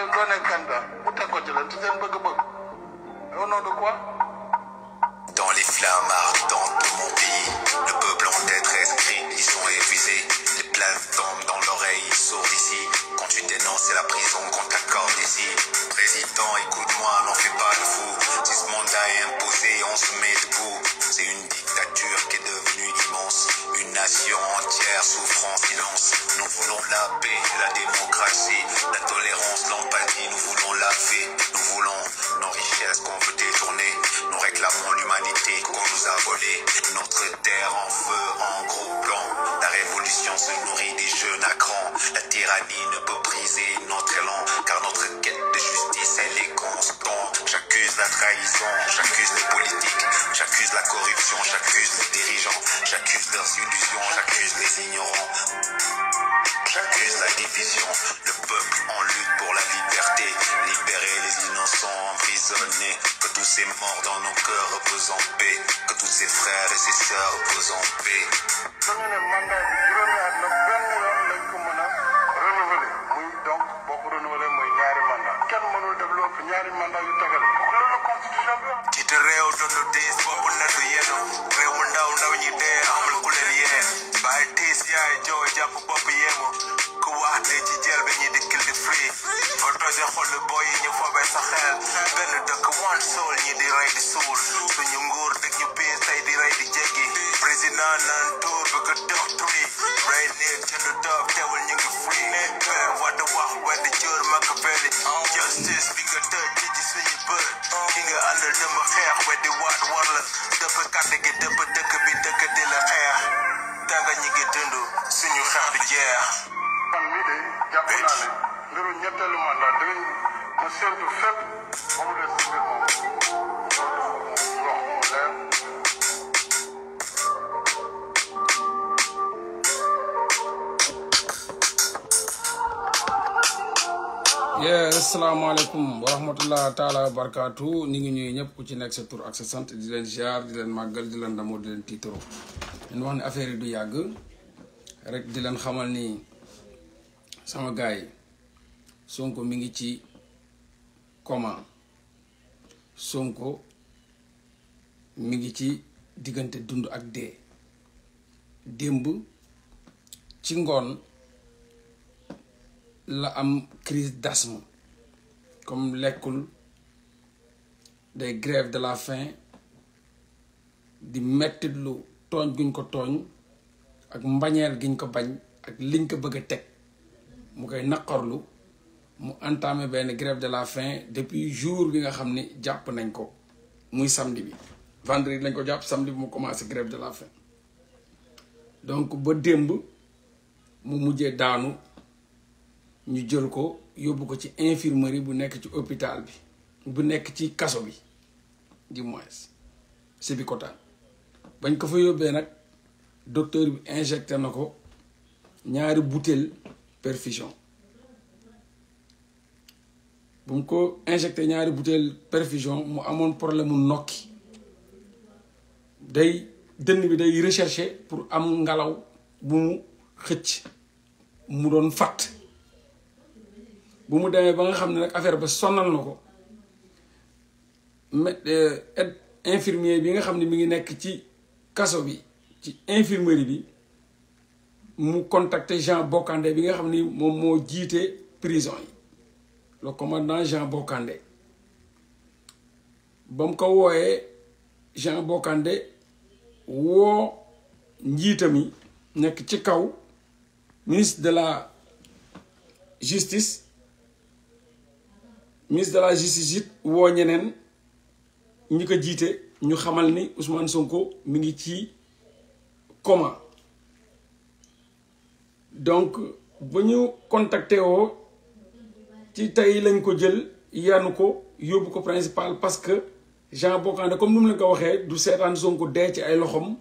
doon doo nekk candidat mu teg ko ci leen ci gëm naa ne mbiru ñetteelu mandat wa rahmatullah taala wa barakaatu ngi ñuy ñëpp ku ci nekk sa tur ak sant di leen ziar di leen màggal di leen damoo di leen tiitaro ñu wax ne affaire yi du yàgg rek di leen xamal nii sama gars yi Sonko mi ngi ci coma Sonko mu ngi ci diggante dund ak dee démb ci ngoon la am crise d'asthme comme lekkul des grèves de la faim di mettitlu tooñ guñ ko tooñ ak mbañeel giñ ko bañ ak liñ ko bëgg a teg mu koy naqarlu mu entamé benn grève de la faim depuis jour bi nga xam ni jàpp nañ ko muy samedi bi vendredi lañ ko jàpp samedi bi mu commencé grève de la faim donc ba démb mu mujjee daanu ñu jël ko yóbbu ko ci infirmerie bu nekk ci hôpital bi bu nekk ci kaso bi du bi Sébikotane bañ ko fa yóbbee nag docteur bi injecté na ko ñaari butéel perfusion bu mu ko injecté ñaari butéel perfusion mu amoon problème mu nokki day dënn bi day recherché pour am ngelaw bu mu xëcc mu doon fàtt bu mu demee ba nga xam ne nag affaire ba sonnal na ko aide euh, infirmier bi nga xam ne mi ngi nekk ci kaso bi ci infirmerie bi mu contacter Jean Bocandé bi nga xam ni moom moo jiite prison yi le commandant Jean Bocandé ba mu ko wooyee Jean Bocandé woo njiitam yi nekk ci kaw ministre de la justice ministre de la justice it woo ñeneen ñi ko jiite ñu xamal ni Ousmane Sonko mi ngi ci coma donc ba ñu contacté woo ci tey lañ ko jël yanu ko yóbbu ko principal parce que Jean Bocandé comme ni mu la ko waxee du seetaan Sonko dee ci ay loxom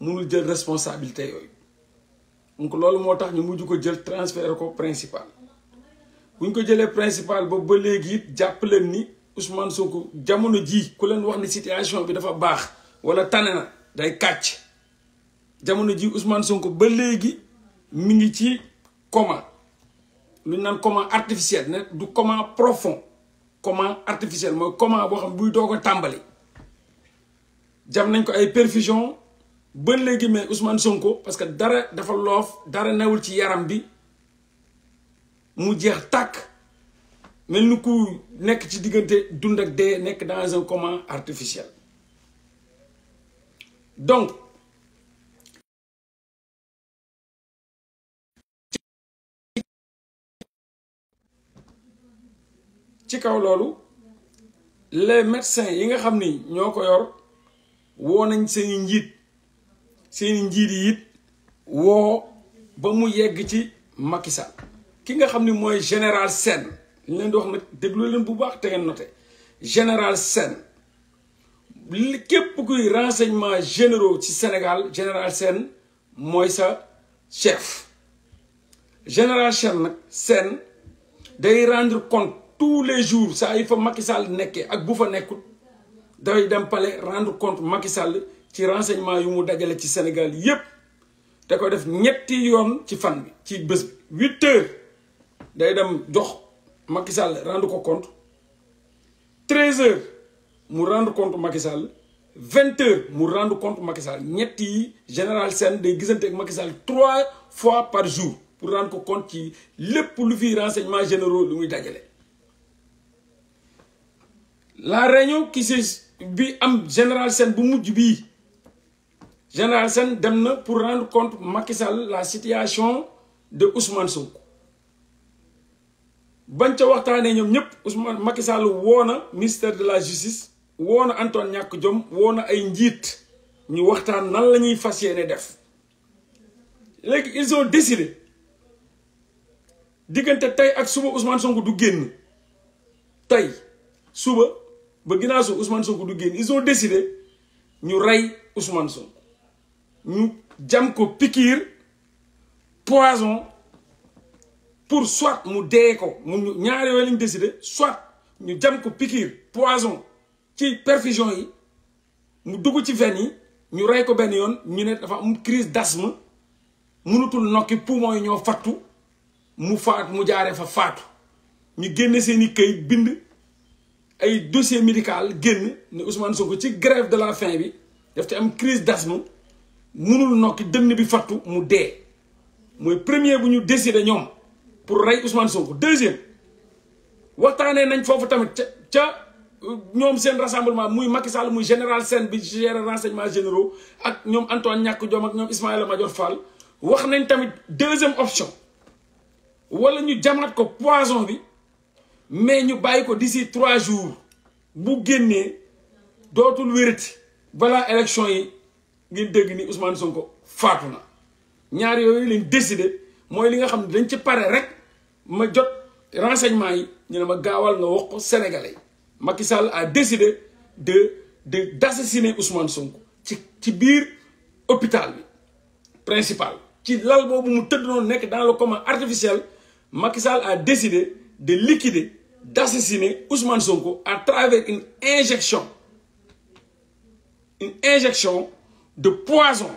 munul jël responsabilité yooyu donc loolu moo tax ñu mujj ko jël transféré ko principal bu ñu ko jëlee principal ba ba léegi it jàpp leen ni Ousmane Sonko jamono ji ku leen wax ni situation bi dafa baax wala tane na day kàcc jamono ji Ousmane Sonko ba léegi mu ngi ci comment lu naan comment artificiel ne du comment profond coma artificiel mooy coma boo xam buy doog a tàmbali jam nañ ko ay perfusion ba léegi mais Ousmane Sonko parce que dara dafa loof dara newul ci yaram bi mu jeex tàkk mel ni ku nekk ci diggante dund ak dee nekk dans un coma artificiel donc ci kaw loolu les médecins yi nga xam ni ñoo ko yor woo nañ seen njiit seeni njiit yi woo ba mu yegg ci Macky Sall ki nga xam ni mooy général Sène leen di wax nag déglu leen bu baax te ngeen noté général Sène li képp kuy renseignement ci Sénégal général Sène mooy sa chef général Sène nag Sène day rendre compte. tous les jours saa yi fa Macky Sall nekkee ak bu fa nekkut dafay dem pale rendre compte Macky Sall ci renseignement yu mu dajale ci Sénégal yépp te ko def ñetti yoon ci fan bi ci bés bi huit heures day dem jox Macky Sall ko compte treize heures mu rendre compte Macky vingt heures mu rendre compte makisal ñetti yi général Sène day gisante ak Macky trois fois par jour pour rendre ko compte ci lépp lu fi renseignement généraux lu muy dajale la réunion qui bi am général Sène bu mujj bii général Sène dem na pour rendre compte makisal la situation de Ousmane Sonko bañ ca waxtaanee ñoom ñëpp Ousmane Macky Sall woo na ministère de la justice woona na ñàkk jom woo na ay njiit ñu waxtaan nan la ñuy fas yéene def léegi ils ont décidé diggante tey ak suba Ousmane Sonko du génn tey suba. ba ginnaaw su Ousmane ko du génn ils ont décidé ñu rey Ousmane Sonko ñu jam ko pikiir poison pour soit mu dee ko mu ñaari yooyu lañu décidé soit ñu jam ko pikiir poison ci perfusion yi mu dugg ci ven yi ñu rey ko benn yoon ñu ne dafa am crise d'asthme mënutul nokki poumon yi ñoo fattu mu faat mu jaaree fa faatu ñu génne seeni këy bind ay dossier médical génn ne Ousmane Sonko ci grève de la faim bi daf ci am crise d'asthme munul nokki dënn bi fattu mu dee mooy premier bu ñu décider ñoom pour rey Ousmane Sonko deuxième waxtaanee nañ foofu tamit ca ca euh, ñoom seen rassemblement muy Macky Sall muy général Sène bi gérer renseignements généraux ak ñoom Antoine ñàkk Jom ak ñoom Ismaïla Madior Fall wax nañ tamit deuxième option wala ñu jamaat ko poison bi mais ñu bàyyi ko si trois jours bu génnee dootul wérati balaa élection yi ngeen dégg ni Ousmane Sonko faatu na ñaar yooyu lañ décidé mooy li nga xam ne dañ ci pare rek ma jot renseignement yi ñu ne ma gaawal nga wax ko sénégalais Macky Sall a décidé de de d'assassiner Ousmane Sonko ci ci biir hôpital bi principal ci lal boobu mu tëdd noonu nekk dans le coma artificiel Macky Sall a décidé de liquider d'assassiner Ousmane Sonko à travers une injection une injection de poison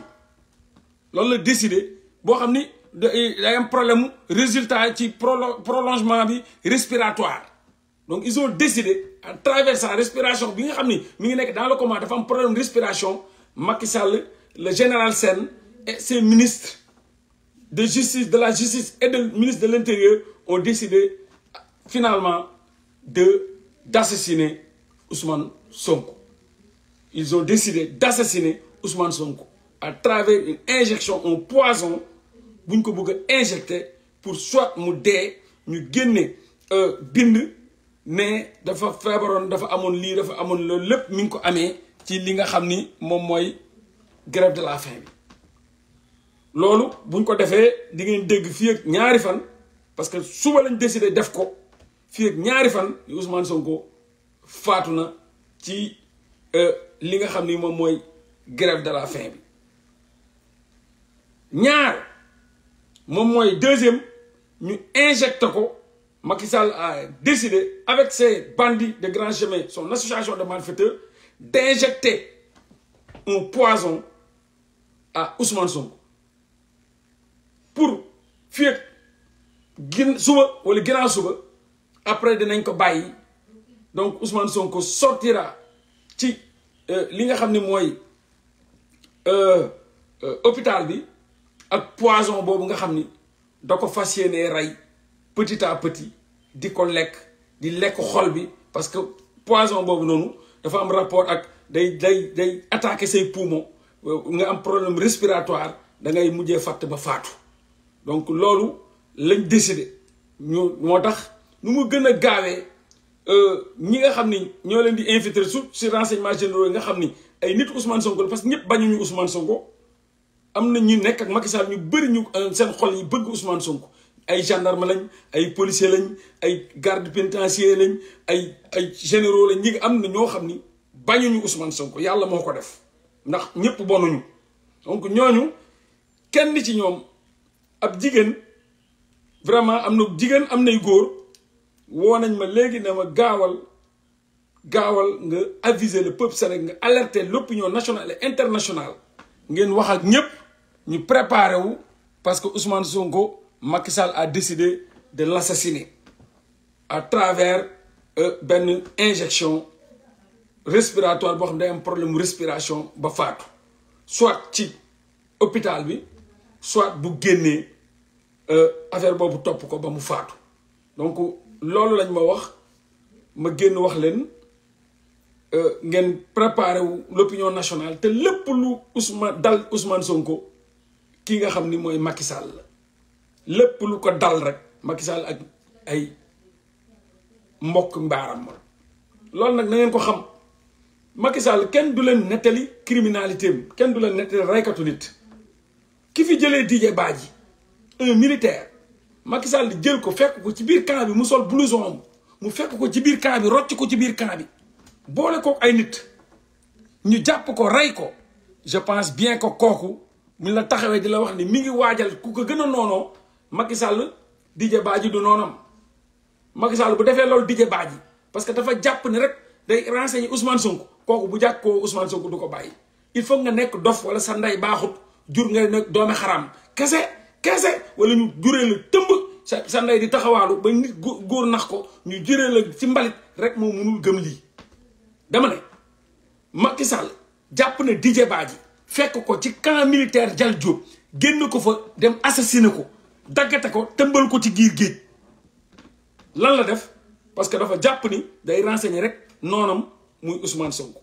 loolu la décidé boo xam ni day am problème résultat ci prolongement bi respiratoire donc ils ont décidé à travers sa respiration bi nga xam ni mi ngi nekk dans le coma dafa am problème respiration Macky Sall le général Sène et ses ministres de justice de la justice et de ministre de l'intérieur ont décidé finalement de d'assassiner Ousmane Sonko. Ils ont décidé d'assassiner Ousmane Sonko à travers une injection en poison bu ñu ko bëgg a injecté pour soit mu dee ñu génne euh, bind mais dafa feebaroon dafa amoon lii dafa amoon loolu lépp mi ngi ko amee ci li nga xam ni moom mooy grève de la faim bi. loolu buñ ko defee di ngeen dégg fii ak ñaari fan parce que suba lañ décidé def ko. fii ak ñaari fan Ousmane Sonko faatu na ci euh, li nga xam ni moom mooy grève de la faim bi ñaar moom mooy deuxième ñu injecté ko Macky Sall a décidé avec ses bandits de grand chemin son association de malfaiteurs d'injecter un poison à Ousmane Sonko pour fii ak gin suba wala ginnaaw suba. après dinañ ko bàyyi donc Ousmane Sonko sortira ci euh, li nga xam ne mooy euh, euh, hôpital bi ak poison boobu nga xam ni da ko fas yéenee rey petit à di ko lekk di lekk xol bi parce que poison boobu noonu dafa am rapport ak day day day attaquer say poumon nga am problème respiratoire da ngay mujjee fàtt ba faatu donc loolu lañ décidé ñu moo tax nu mu gën a gaawee euh, ñi nga xam ni ñoo leen di infiltrer su si renseignement généraux yi nga xam ni ay nit Ousmane Sonko la parce que ñëpp bañuñu Ousmane Sonko am na ñu nekk ak Macky ñu bëri euh, seen xol yi bëgg Ousmane Sonko ay gendarme lañ ay policier lañ ay garde pénitentiaire lañ ay ay généraux lañ ñi am na ñoo xam ni bañuñu Ousmane Sonko yàlla moo ko def ndax ñëpp bonuñu donc ñooñu kenn ci ñoom ab jigéen vraiment am na jigéen am nay góor. woo nañ ma léegi ne ma gaawal gaawal nga aviser le peuple sénégalais nga alerter l'opinion nationale et internationale ngeen wax ak ñëpp ñu préparé wu parce que Ousmane Sonko Macky Sall a décidé de l'assassiner à travers euh, benn injection respiratoire boo xam day am problème respiration ba faatu soit ci hôpital bi soit bu génnee euh, affaire boobu topp ko ba mu faatu donc loolu lañ ma wax ma génn wax leen euh, ngeen préparé wu l'opinion nationale te lépp lu Ousmane dal Ousmane Sonko ki nga xam ni mooy Macky la lépp lu ko dal rek Macky ak ay mbokk mbaaram ma loolu nag na ngeen ko xam Macky kenn du leen nettali criminalité am kenn du leen nettali raykatu nit ki fi jëlee Didier Badji un Macky Sall jël ko fekk ko ci biir camp bi mu sol blouson mu fekk ko ci biir camp bi rocc ko ci biir camp bi boole ko ay nit ñu jàpp ko rey ko je pense bien que kooku buñ la taxawee di la wax ni mi ngi waajal ku ko gën a noonoo Macky Sall Didier Badji du noonam Macky bu defee loolu Didier Badji parce que dafa jàpp ni rek day renseigner Ousmane Sonko kooku bu jàkkoo Ousmane Sonko du ko bàyyi il faut nga nekk dof wala sa ndey baaxut jur nga nekk doomi xaraam kese. keese wala ñu juree la tëmb sa sa ndey di taxawaalu ba nit góor nax ko ñu juree la ci mbalit rek moo mënul gëm lii dama ne Macky Sall jàpp na di Didier ji fekk ko ci kanam militaire Dial Diop génn ko fa dem assassiné ko daggate ko tëmbal ko ci giir géej lan la def parce que dafa jàpp ni day renseigner rek noonam muy Ousmane Sonko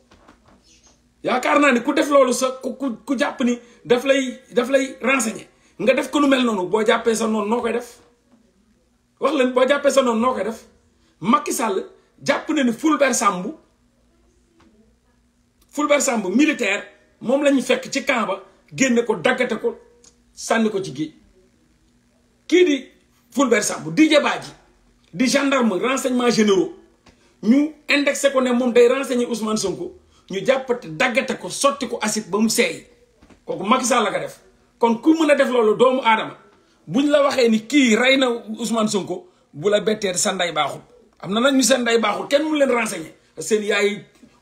yaakaar naa ni ku def loolu sa ku ku jàpp ni daf lay daf lay renseigner nga def ko nu mel noonu boo jàppee sa noonu noo koy def wax leen boo jàppee sa noo koy def Macky Sall jàpp na ni Fulbert Sambou Fulbert Sambou militaire moom la fekk ci camp ba génne ko daggate ko sànni ko ci géej kii di Fulbert Sambou Didier Badji di gendarme renseignement généraux ñu indexé ko ne moom day renseigner Ousmane Sonko ñu jàppate daggate ko sotti ko assit ba mu seey kooku Macky Sall la ko def. kon ku mën a def loolu doomu aadama ñu la waxee ni kii rey na Ousmane Sonko bu la bettee sa nday baaxul am na nañ ñu seen nday baaxul kenn mu leen renseigner seen yaay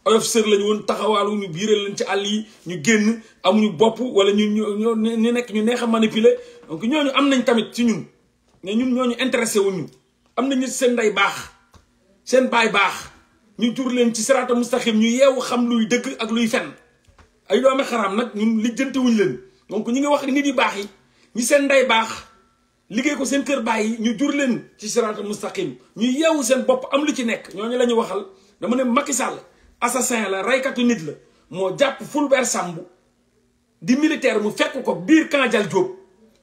oyof sër lañu woon taxawaalu ñu biiral leen ci àll yi ñu génn amuñu bopp wala ñu ñu ñu nekk ñu neex a manipuler donc ñooñu am nañ tamit ci ñun ne ñun ñooñu intéressé wuñ ñu am nañu seen nday baax seen baay baax ñu jur leen ci sirata mustaqim ñu yeewu xam luy dëgg ak luy fen ay doomi xaraam nag ñun lijjanti leen donc ñu ngi wax nit yi baax yi ñi seen ndey baax liggéey ko seen kër baay yi ñu jur leen ci siraat mustaqim ñu yeewu seen bopp am lu ci nekk ñooñu la ñu waxal dama ne Macky Sall assassin la raykatu nit la moo jàpp Fulbert Sambou di militaire mu fekk ko biir Kandial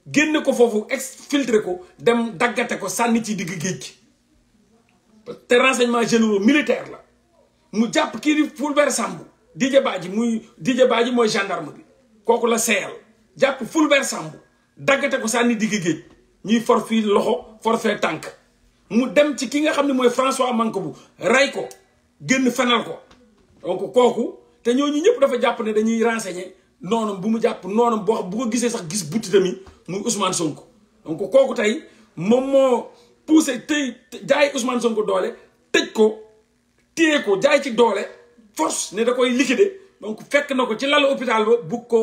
génne ko foofu exfiltré ko dem daggate ko sànni ci digg géej gi te renseignement généraux militaire la mu jàpp kii di Fulbert Sambou Didier Badji muy Didier mooy gendarme bi kooku la seeyal jàpp Fulbert Sambou daggate ko sànni di géej ñuy for loxo for fee tànk mu dem ci ki nga xam ne mooy François Mancabou rey ko génn fenal ko donc kooku te ñooñu ñëpp dafa jàpp ne dañuy renseigner noonu bu mu jàpp noonam boo xam bu ko gisee sax gis butitam yi muy Ousmane Sonko donc kooku tey moom moo poussé tey jaay Ousmane Sonko doole tëj ko téye ko jaay ci doole force ne da koy liquider donc fekk na ko ci lalu hôpital ba bu ko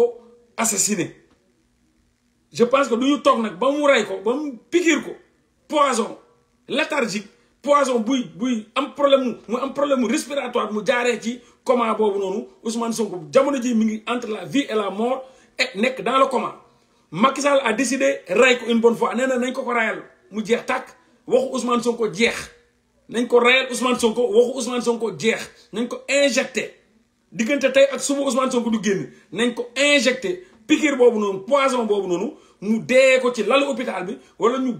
assassiné je pense que du ñu toog nag ba mu rey ko ba mu pikiir ko poison léthargique poison buy buy am problème mu mu am problème mu respiratoire mu jaaree ci comment boobu noonu Ousmane Sonko jamono ji mi ngi entre la vie et la mort et nekk dans le coma Macky Sall a décidé rey ko une bonne fois nee na nañ ko ko rayal mu jeex tàkk waxu Ousmane Sonko jeex nañ ko rayal Ousmane Sonko waxu Ousmane Sonko jeex nañ ko injecté diggante tey ak suba Ousmane Sonko du génn nañ ko injecté. piqûre boobu noonu poison boobu noonu mu dee ko ci lal hôpital bi wala ñu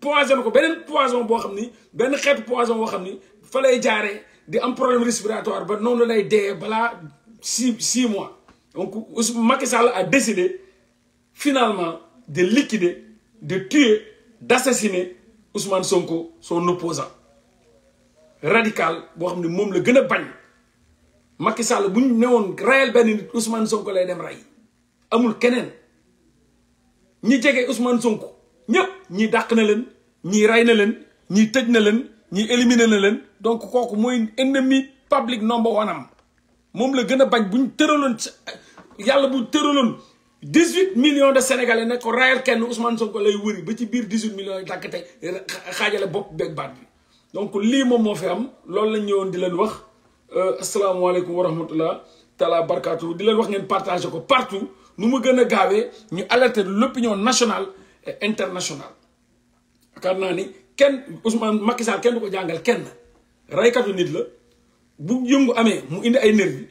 poison ko beneen poison boo xam ni benn xeetu poison boo xam ni fa lay jaaree di am problème respiratoire ba noonu lay dee balaa six six mois donc Macky Sall a décidé finalement de liquider de tuer d'assassiner Ousmane Sonko son opposant radical boo xam ne moom la gën a bañ Macky Sall bu ñu newoon rayal benn nit Ousmane Sonko lay dem rey amul keneen ñi jege Ousmane Sonko ñëpp ñi dàq na leen ñi rey na leen ñi tëj na leen ñi éliminer na leen donc kooku mooy ennemi public number one am moom la gën a bañ buñ tëraloon yàlla bu tëraloon dix-huit millions de sénégalais ne ko rayal kenn Ousmane Sonko lay wëri ba ci biir dix-huit millions yi dàkk tey xaajale bopp beeg baat bi donc lii moom moo fi am loolu lañ ñëwoon di leen wax euh, asalaamaaleykum wa rahmatullah taalaa barkaatu di leen wax ngeen partagé ko partout nu mu gën a gaawee ñu alerter l'opinion nationale et internationale xam naa ni kenn Ousmane Macky Sall kenn du ko jàngal kenn raykatu nit la bu yëngu amee mu indi ay nervi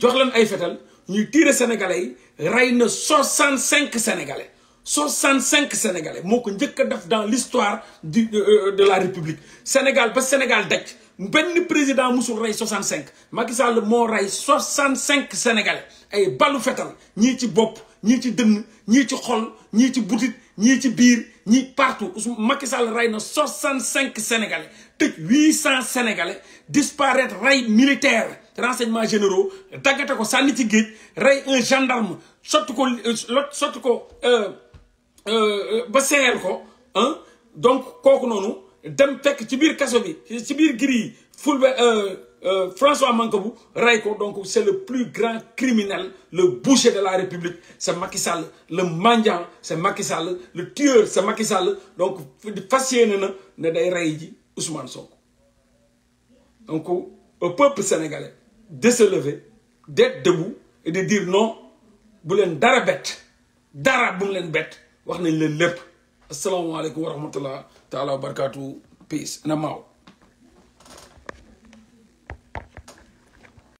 jox leen ay fetal ñuy tiire sénégalais yi rey na soixante cinq sénégalais soixante cinq sénégalais moo ko njëkk a def dans l'histoire du euh, de la république Sénégal ba Sénégal daj benn président musul rey 65 Macky Sall moo rey cinq sénégalais ay balu fetal ñii ci bopp ñii ci dënn ñii ci xol ñii ci butit ñii ci biir ñii partout Macky Sall rey na 65 sénégalais tëj 800 sénégalais disparaître rey militaire renseignements généraux daggate ko sànni ci géej rey un gendarme sotti ko euh, sotti ko euh, euh, ba seeyal ko donc kooku noonu. dem fekk ci biir kaso bi ci biir giri yi Fulbert euh, euh, François Mancabou rey ko donc c' est le plus grand criminel le boucher de la République sa est Macky Sall le mendiant c' est Macky Sall le Sall donc fas yéene na ne day rey ji Ousmane Sonko donc au peuple sénégalais de se lever et de dire non bu leen dara bett dara bu mu leen bett wax nañ leen lépp asalaamaaleykum wa rahmatullah taala barkatu peace na maaw